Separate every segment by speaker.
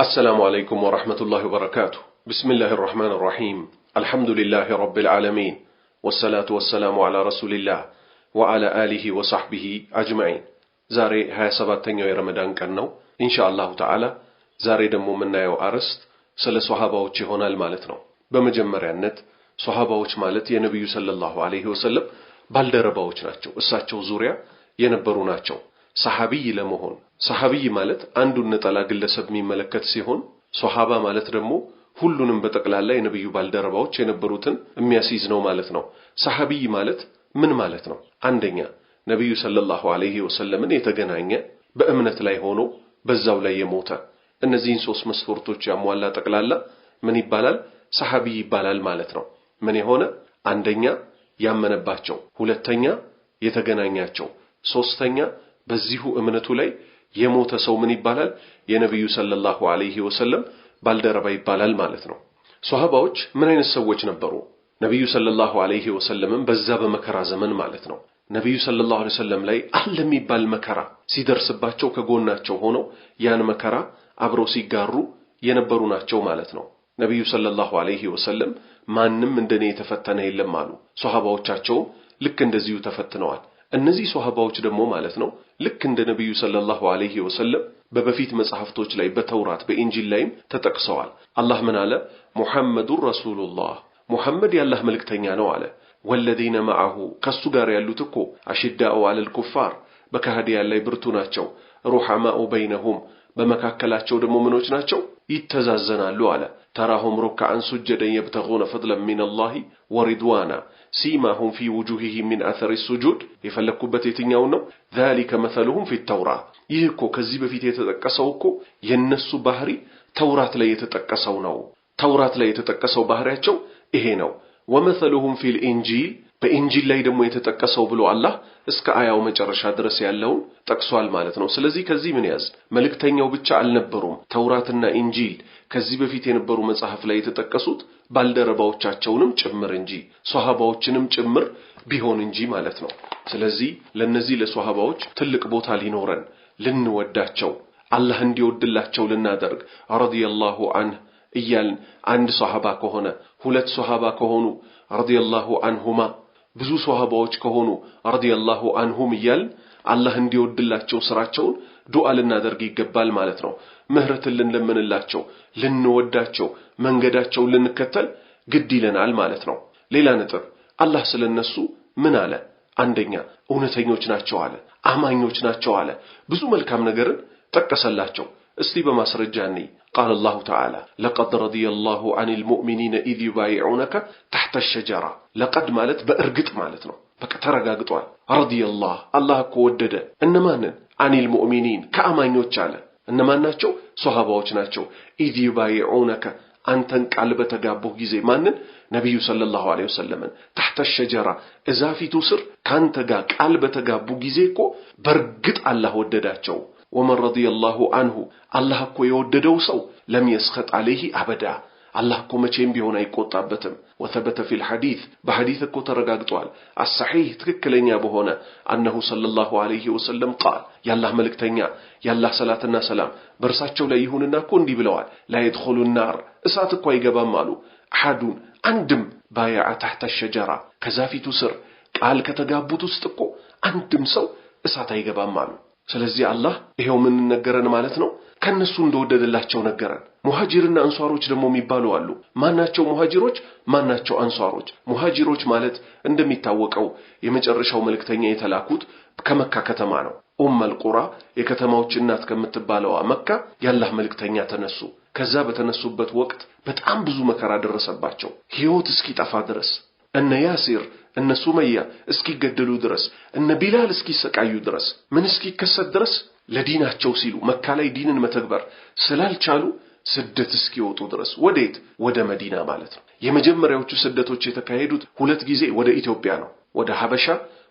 Speaker 1: السلام عليكم ورحمة الله وبركاته بسم الله الرحمن الرحيم الحمد لله رب العالمين والصلاة والسلام على رسول الله وعلى آله وصحبه أجمعين زاري هاي سبات تنيو رمضان كنو إن شاء الله تعالى زاري دمو من نايو أرست سل صحابة وچهونا هنا المالتنا بمجمر النت صحابة وچ مالت ينبي صلى الله عليه وسلم بالدربة وچ ناتشو إساتشو زوريا ينبرو ناتشو ሰሐቢይ ለመሆን ሰሐቢይ ማለት አንዱን ነጠላ ግለሰብ የሚመለከት ሲሆን ሶሃባ ማለት ደግሞ ሁሉንም በጠቅላላ የነብዩ ባልደረባዎች የነበሩትን የሚያስይዝ ነው ማለት ነው። ሰሐቢይ ማለት ምን ማለት ነው? አንደኛ ነቢዩ ሰለላሁ ዐለይሂ ወሰለምን የተገናኘ በእምነት ላይ ሆኖ በዛው ላይ የሞተ እነዚህን ሶስት መስፈርቶች ያሟላ ጠቅላላ ምን ይባላል? ሰሐቢይ ይባላል ማለት ነው። ምን የሆነ አንደኛ ያመነባቸው፣ ሁለተኛ የተገናኛቸው፣ ሶስተኛ በዚሁ እምነቱ ላይ የሞተ ሰው ምን ይባላል? የነቢዩ ሰለላሁ ዐለይሂ ወሰለም ባልደረባ ይባላል ማለት ነው። ሷሃባዎች ምን አይነት ሰዎች ነበሩ? ነቢዩ ሰለላሁ ዐለይሂ ወሰለምም በዛ በመከራ ዘመን ማለት ነው ነቢዩ ሰለላሁ ዐለይሂ ወሰለም ላይ አለ የሚባል መከራ ሲደርስባቸው ከጎናቸው ሆነው ያን መከራ አብረው ሲጋሩ የነበሩ ናቸው ማለት ነው። ነቢዩ ሰለላሁ ዐለይሂ ወሰለም ማንም እንደኔ የተፈተነ የለም አሉ። ሷሃባዎቻቸውም ልክ እንደዚሁ ተፈትነዋል። እነዚህ ሶሐባዎች ደግሞ ማለት ነው ልክ እንደ ነቢዩ ሰለላሁ ዐለይሂ ወሰለም በበፊት መጽሐፍቶች ላይ በተውራት በኢንጂል ላይም ተጠቅሰዋል። አላህ ምን አለ? ሙሐመዱን ረሱሉላህ ሙሐመድ የአላህ መልእክተኛ ነው አለ። ወለዚነ መዐሁ ከሱ ጋር ያሉት እኮ አሽዳኡ አለል ኩፋር በካህዲያን ላይ ብርቱ ናቸው። رحماء بينهم بمكاكلات شود ممنوجنا شو يتزازنا لوالا تراهم ركعا سجدا يبتغون فضلا من الله ورضوانا هم في وجوههم من أثر السجود يفلقوا بتيتين يونو ذلك مثلهم في التوراة يهكو كذب في تيتتكسوكو ينسو بحري توراة لا يتتكسونو توراة لا يتتكسو بحري إهينو ومثلهم في الإنجيل በኢንጂል ላይ ደግሞ የተጠቀሰው ብሎ አላህ እስከ አያው መጨረሻ ድረስ ያለውን ጠቅሷል ማለት ነው። ስለዚህ ከዚህ ምን ያዝ መልእክተኛው ብቻ አልነበሩም። ተውራትና ኢንጂል ከዚህ በፊት የነበሩ መጽሐፍ ላይ የተጠቀሱት ባልደረባዎቻቸውንም ጭምር እንጂ ሷሃባዎችንም ጭምር ቢሆን እንጂ ማለት ነው። ስለዚህ ለነዚህ ለሷሃባዎች ትልቅ ቦታ ሊኖረን ልንወዳቸው አላህ እንዲወድላቸው ልናደርግ ረዲየላሁ አንህ እያልን አንድ ሷሃባ ከሆነ ሁለት ሷሃባ ከሆኑ ረዲየላሁ አንሁማ ብዙ ሷሃባዎች ከሆኑ ረዲየላሁ አንሁም እያልን አላህ እንዲወድላቸው ስራቸውን ዱዓ ልናደርግ ይገባል ማለት ነው። ምህረትን ልንለምንላቸው፣ ልንወዳቸው፣ መንገዳቸውን ልንከተል ግድ ይለናል ማለት ነው። ሌላ ነጥብ አላህ ስለነሱ ምን አለ? አንደኛ እውነተኞች ናቸው አለ፣ አማኞች ናቸው አለ። ብዙ መልካም ነገርን ጠቀሰላቸው። እስቲ በማስረጃ ነይ ቃለ አላሁ ተዓላ ለቀድ ረዲየላሁ ዐኒል ሙእሚኒነ ኢዝ ዩባይዑነከ ተሕተ ሸጀራ። ለቀድ ማለት በእርግጥ ማለት ነው። በቃ ተረጋግጧል። ረዲየላህ አላህ እኮ ወደደ። እነማንን? ዐኒል ሙእሚኒን ከአማኞች አለ። እነማን ናቸው? ሶሃባዎች ናቸው። ኢዝ ዩባይዑነከ አንተን ቃል በተጋቡህ ጊዜ ማንን? ነቢዩ ሰለላሁ ዐለይሂ ወሰለምን ተሕተ ሸጀራ እዛፊቱ ስር ከአንተ ጋር ቃል በተጋቡ ጊዜ እኮ በእርግጥ አላህ ወደዳቸው። ومن رضي الله عنه الله كو يوددو سو لم يسخط عليه أبدا الله كو مچين بيونا يكو طابتم وثبت في الحديث بحديث كو ترقاق طوال الصحيح تكك لين يابوهونا أنه صلى الله عليه وسلم قال يا الله ملك تنيا يا الله صلاة سلام برسات جولا يهوننا كون دي بلوال لا يدخل النار اسات كو يقبان مالو حادون عندم بايع تحت الشجرة كزافي تسر قال كتقابو تستقو عندم سو اسات يقبان مالو ስለዚህ አላህ ይሄው ምን ነገረን ማለት ነው ከነሱ እንደወደደላቸው ነገረን። ሙሃጅርና አንሷሮች ደግሞ የሚባሉ አሉ። ማናቸው ሙሃጅሮች፣ ማናቸው አንሷሮች? ሙሃጅሮች ማለት እንደሚታወቀው የመጨረሻው መልእክተኛ የተላኩት ከመካ ከተማ ነው። ኡመል ቁራ የከተማዎች እናት ከምትባለዋ መካ ያላህ መልእክተኛ ተነሱ። ከዛ በተነሱበት ወቅት በጣም ብዙ መከራ ደረሰባቸው ሕይወት እስኪጠፋ ድረስ እነ ያሲር እነ ሱመያ እስኪገደሉ ድረስ እነ ቢላል እስኪሰቃዩ ድረስ ምን እስኪከሰት ድረስ ለዲናቸው ሲሉ መካ ላይ ዲንን መተግበር ስላልቻሉ ስደት እስኪወጡ ድረስ ወዴት? ወደ መዲና ማለት ነው። የመጀመሪያዎቹ ስደቶች የተካሄዱት ሁለት ጊዜ ወደ ኢትዮጵያ ነው። ወደ ሀበሻ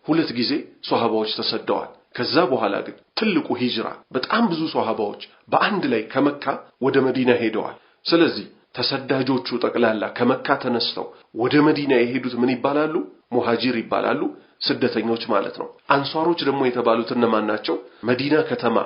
Speaker 1: ሁለት ጊዜ ሶሃባዎች ተሰደዋል። ከዛ በኋላ ግን ትልቁ ሂጅራ በጣም ብዙ ሶሃባዎች በአንድ ላይ ከመካ ወደ መዲና ሄደዋል። ስለዚህ ተሰዳጆቹ ጠቅላላ ከመካ ተነስተው ወደ መዲና የሄዱት ምን ይባላሉ? ሙሃጂር ይባላሉ፣ ስደተኞች ማለት ነው። አንሷሮች ደግሞ የተባሉት እነማን ናቸው? መዲና ከተማ